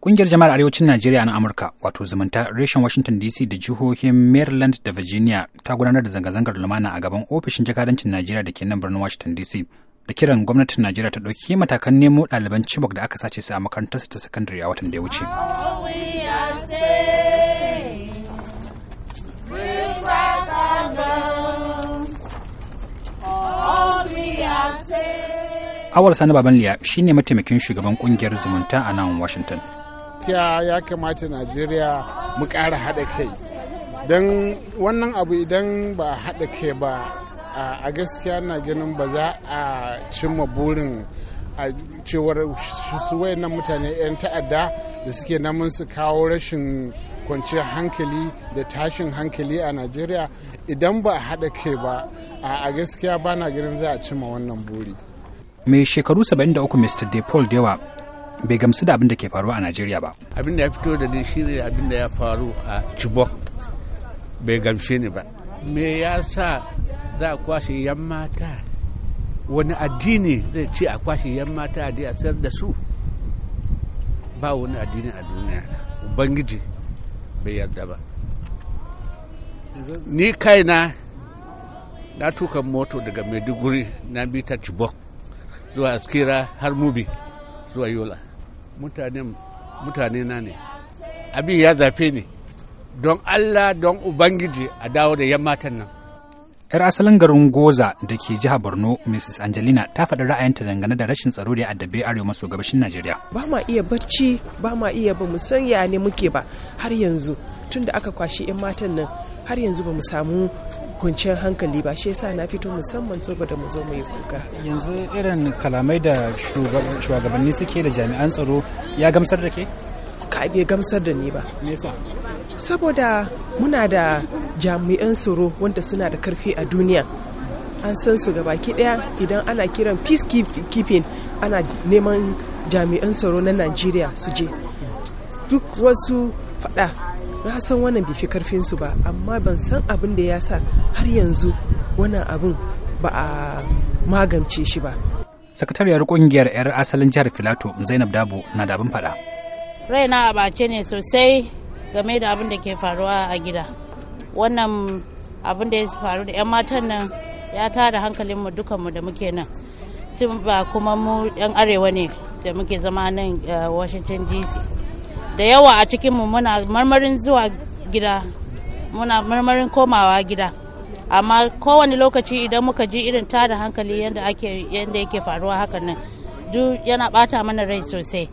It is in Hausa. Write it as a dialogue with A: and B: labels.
A: Ƙungiyar jama'ar arewacin Najeriya na Amurka, wato zumunta reshen Washington DC da jihohin Maryland da Virginia ta gudanar da zanga-zangar lumana a gaban ofishin jakadancin Najeriya da ke nan birnin Washington DC. Da kiran gwamnatin Najeriya ta ɗauki matakan nemo ɗaliban Chibok da aka sace su a makarantar ta sakandare a watan da ya wuce. Awar Sani liya shi ne mataimakin shugaban kungiyar zumunta a nan Washington.
B: gaskiya ya kamata najeriya mu ƙara haɗa kai don wannan abu idan ba haɗa kai ba a gaskiya na ganin ba za a cimma burin a cewar su wayannan mutane 'yan ta'adda da suke namun su kawo rashin kwanciyar hankali da tashin hankali a najeriya idan ba a haɗa kai ba a gaskiya ba na ganin za a cimma wannan buri
A: mai shekaru 73 mr depol dewa bai gamsu da abin da ke faruwa a Najeriya ba.
C: Abin da ya fito da ni shi ne abin da ya faru a Chibok bai gamshe ni ba. Me ya sa za a kwashe yan mata wani addini zai ce a kwashe yan mata a a sayar da su ba wani addini a duniya ubangiji bai yarda ba ni kaina na tuka moto daga maiduguri na bi ta chibok zuwa askira har mubi zuwa yola mutane na ne abin ya zafe ne don allah don ubangiji a dawo da yan matan nan
A: yar asalin garin goza da ke jihar borno mrs angelina ta faɗi ra'ayinta dangane da rashin tsaro da addabe arewa maso gabashin najeriya
D: ba ma iya bacci ba ma iya ba mu san ya ne muke ba har yanzu tunda aka kwashe 'yan matan nan har yanzu ba mu samu kwanciyar hankali ba shi yasa na fito musamman saboda mu zo mu kuka yanzu
A: irin kalamai da shugabanni suke da jami'an tsaro ya gamsar da ke
D: ka bai gamsar da ni ba nesa saboda muna da jami'an tsaro wanda suna da karfi a duniya an san su ga baki daya idan ana kiran peacekeeping ana neman jami'an tsaro na najeriya su je duk wasu fada na san wannan bai fi karfinsu ba amma ban san abin da ya sa har yanzu wannan abin ba a magance shi ba
A: sakatariyar kungiyar 'yar asalin jihar filato zainab dabo na da abin fada
E: raina a bace ne sosai game da abin da ke faruwa a gida wannan abin da ya faru da 'yan matan nan ya tada hankalinmu dukanmu da muke nan tun ba kuma mu 'yan arewa ne da muke zama nan eh, washington dc da yawa a cikinmu muna marmarin zuwa gida muna marmarin komawa gida amma kowane lokaci idan muka ji irin tada hankali yadda ake yadda yake faruwa hakan nan duk yana bata mana rai sosai